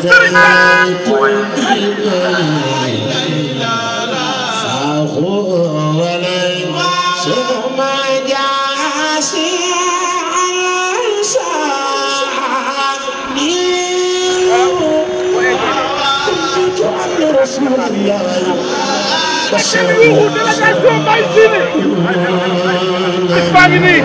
It's family.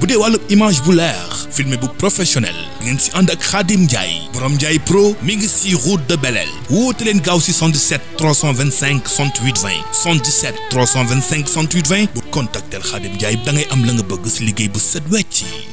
bu dee wàllu image bu leer filmé bu professionnel ngeen si ànd ak Khadim Ndiaye borom Ndiaye pro mi ngi si route de Belel woote leen gaaw si 77 325 68 20 77 325 68 20 bu contactel Khadim Ndiaye da ngay am la nga bëgg si liggéey bu set wecc